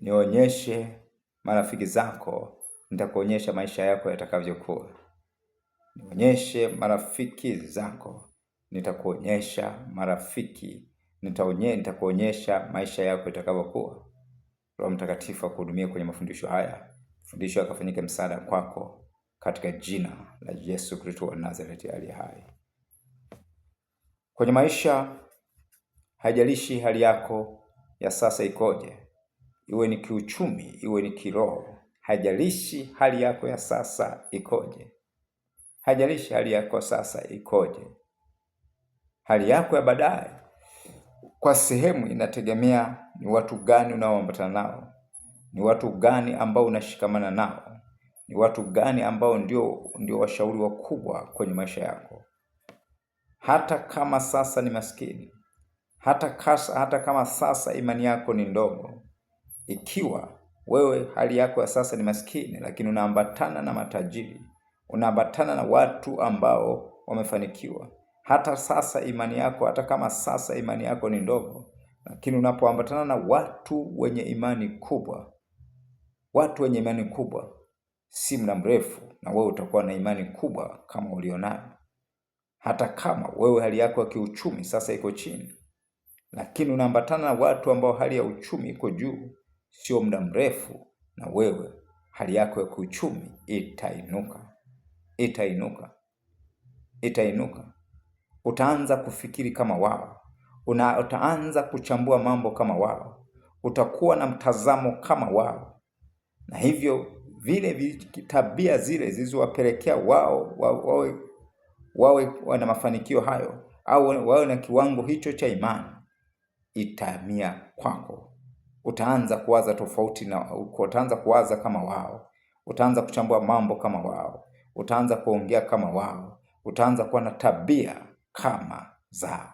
nionyeshe marafiki zako, nitakuonyesha maisha yako yatakavyokuwa. Nionyeshe marafiki zako, nitakuonyesha marafiki, nitaonye, nitakuonyesha maisha yako yatakavyokuwa. Roho Mtakatifu akuhudumie kwenye mafundisho haya, fundisho akafanyike msaada kwako, katika jina la Yesu Kristo wa Nazareti aliye hai. Kwenye maisha, haijalishi hali yako ya sasa ikoje iwe ni kiuchumi, iwe ni kiroho. Hajalishi hali yako ya sasa ikoje, hajalishi hali yako sasa ikoje, hali yako ya baadaye kwa sehemu inategemea ni watu gani unaoambatana nao, ni watu gani ambao unashikamana nao, ni watu gani ambao ndio ndio washauri wakubwa kwenye maisha yako. Hata kama sasa ni maskini, hata, hata kama sasa imani yako ni ndogo ikiwa wewe hali yako ya sasa ni maskini, lakini unaambatana na matajiri, unaambatana na watu ambao wamefanikiwa, hata sasa imani yako, hata kama sasa imani yako ni ndogo, lakini unapoambatana na watu wenye imani kubwa, watu wenye imani kubwa, si muda mrefu na wewe utakuwa na imani kubwa kama ulionayo. Hata kama wewe hali yako ya kiuchumi sasa iko chini, lakini unaambatana na watu ambao hali ya uchumi iko juu sio muda mrefu, na wewe hali yako ya kiuchumi itainuka, itainuka, itainuka. Utaanza kufikiri kama wao una, utaanza kuchambua mambo kama wao, utakuwa na mtazamo kama wao, na hivyo vile tabia zile zilizowapelekea wao wawe wawe wana mafanikio hayo au wawe na kiwango hicho cha imani itamia kwako utaanza kuwaza tofauti na utaanza kuwaza kama wao, utaanza kuchambua mambo kama wao, utaanza kuongea kama wao, utaanza kuwa na tabia kama zao.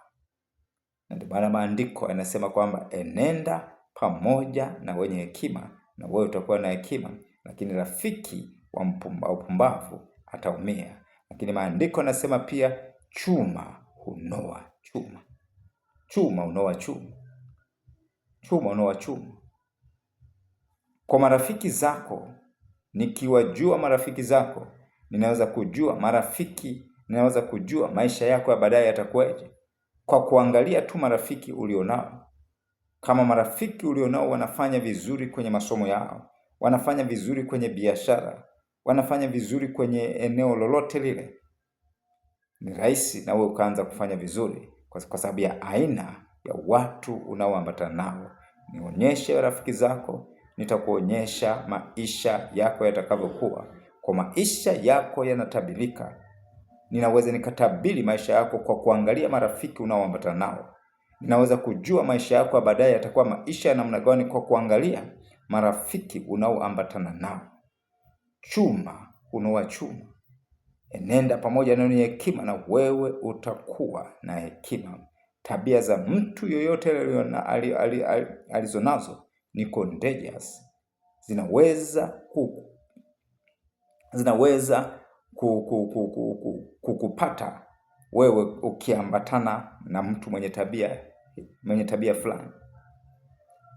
Na ndio maana maandiko yanasema kwamba enenda pamoja na wenye hekima, na wewe utakuwa na hekima, lakini rafiki wa mpumbavu ataumia. Lakini maandiko yanasema pia chuma hunoa chuma, chuma hunoa chuma chuma chuma. Kwa marafiki zako, nikiwajua marafiki zako, ninaweza kujua marafiki, ninaweza kujua maisha yako ya baadaye yatakuwaje, kwa kuangalia tu marafiki ulionao. Kama marafiki ulionao wanafanya vizuri kwenye masomo yao, wanafanya vizuri kwenye biashara, wanafanya vizuri kwenye eneo lolote lile, ni rahisi na wewe ukaanza kufanya vizuri kwa sababu ya aina ya watu unaoambatana nao. Nionyeshe rafiki zako, nitakuonyesha maisha yako yatakavyokuwa, kwa maisha yako yanatabirika. Ninaweza nikatabiri maisha yako kwa kuangalia marafiki unaoambatana nao. Ninaweza kujua maisha yako ya baadaye yatakuwa maisha ya namna gani kwa kuangalia marafiki unaoambatana nao. Chuma hunoa chuma, enenda pamoja na hekima, na wewe utakuwa na hekima tabia za mtu yoyote alizonazo ni contagious, zinaweza ku zinaweza kukupata wewe ukiambatana na mtu mwenye tabia mwenye tabia fulani.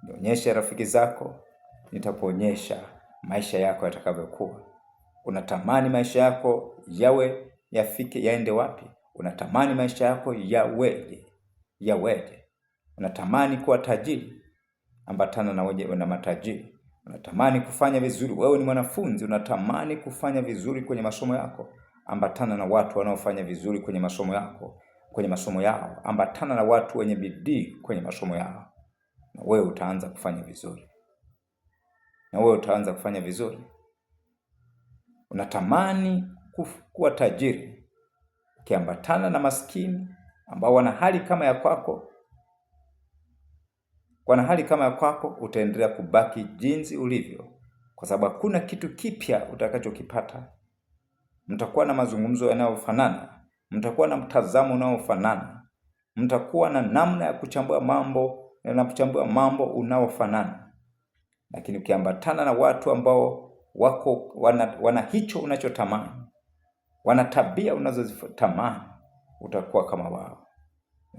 Nionyeshe rafiki zako, nitakuonyesha maisha yako yatakavyokuwa. Unatamani maisha yako yawe yafike, yaende wapi? Unatamani maisha yako yaweje? ya Unatamani kuwa tajiri, ambatana na weje na matajiri. Unatamani kufanya vizuri, wewe ni mwanafunzi, unatamani kufanya vizuri kwenye masomo yako, ambatana na watu wanaofanya vizuri kwenye masomo yako, kwenye masomo yao, ambatana na watu wenye bidii kwenye masomo yao, na wewe utaanza kufanya vizuri, na wewe utaanza kufanya vizuri. Unatamani kuwa tajiri, ukiambatana na maskini ambao wana hali kama ya kwako, wana hali kama ya kwako, utaendelea kubaki jinsi ulivyo, kwa sababu hakuna kitu kipya utakachokipata. Mtakuwa na mazungumzo yanayofanana, mtakuwa na mtazamo unaofanana, mtakuwa na namna ya kuchambua mambo na kuchambua mambo unaofanana, lakini ukiambatana na watu ambao wako wana, wana hicho unachotamani, wana tabia unazozitamani utakuwa kama wao.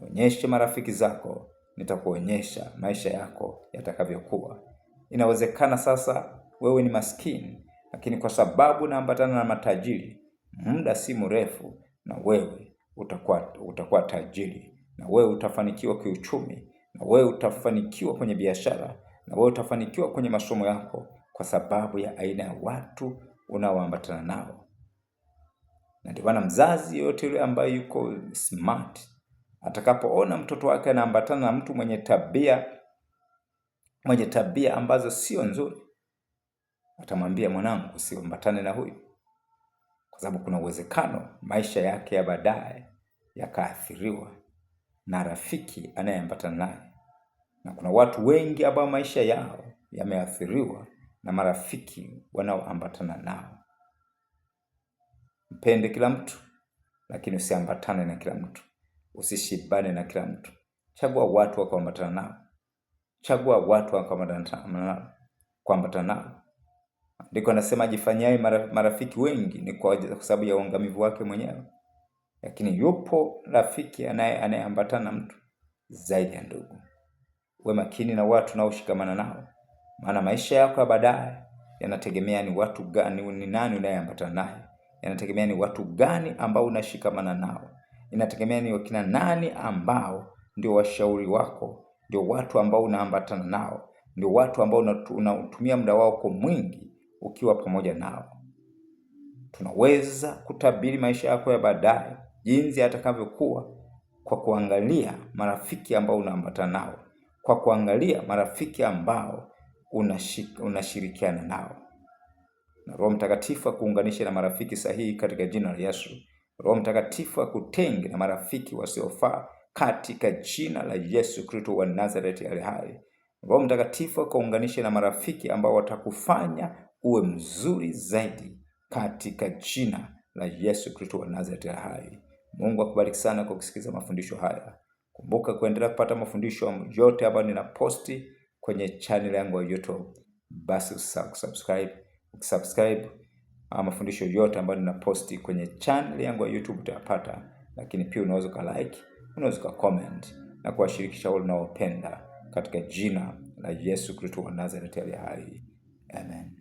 Nionyeshe marafiki zako, nitakuonyesha maisha yako yatakavyokuwa. Inawezekana sasa wewe ni maskini, lakini kwa sababu naambatana na matajiri, muda si mrefu na wewe utakuwa, utakuwa tajiri na wewe utafanikiwa kiuchumi, na wewe utafanikiwa kwenye biashara, na wewe utafanikiwa kwenye masomo yako, kwa sababu ya aina ya watu unaoambatana nao. Na ndio maana mzazi yoyote yule ambaye yuko smart atakapoona mtoto wake anaambatana na mtu mwenye tabia mwenye tabia ambazo sio nzuri, atamwambia mwanangu, usiambatane na huyu, kwa sababu kuna uwezekano maisha yake ya baadaye yakaathiriwa na rafiki anayeambatana naye, na kuna watu wengi ambao maisha yao yameathiriwa na marafiki wanaoambatana nao. Mpende kila mtu, lakini usiambatane na kila mtu, usishibane na kila mtu. Chagua watu wa kuambatana nao, chagua watu wa kuambatana nao. Ndiko anasema jifanyaye marafiki wengi ni kwa sababu ya uangamivu wake mwenyewe, lakini yupo rafiki anaye anayeambatana na mtu zaidi ya ndugu. Uwe makini na watu unaoshikamana nao, maana maisha yako ya baadaye yanategemea ni watu gani, ni nani unayeambatana naye. Inategemea ni watu gani ambao unashikamana nao, inategemea ni wakina nani ambao ndio washauri wako, ndio watu ambao unaambatana nao, ndio watu ambao unatumia muda wao kwa mwingi ukiwa pamoja nao. Tunaweza kutabiri maisha yako ya baadaye jinsi atakavyokuwa kwa kuangalia marafiki ambao unaambatana nao, kwa kuangalia marafiki ambao unashirikiana nao na Roho Mtakatifu akuunganishe na marafiki sahihi katika jina la Yesu. Roho Mtakatifu akutenge na marafiki wasiofaa katika jina la Yesu Kristo wa Nazareti ali hai. Roho Mtakatifu akuunganishe na marafiki ambao watakufanya uwe mzuri zaidi katika jina la Yesu Kristo wa Nazareti ali hai. Mungu akubariki sana kwa kusikiliza mafundisho haya. Kumbuka kuendelea kupata mafundisho yote ambayo ninaposti kwenye channel yangu ya YouTube. Basi usisahau kusubscribe ukisubscribe mafundisho yote ambayo ninaposti kwenye channel yangu ya YouTube utayapata, lakini pia unaweza ka like, unaweza ka comment na kuwashirikisha wale unaowapenda katika jina la Yesu Kristo wa Nazareti aliye hai. Amen.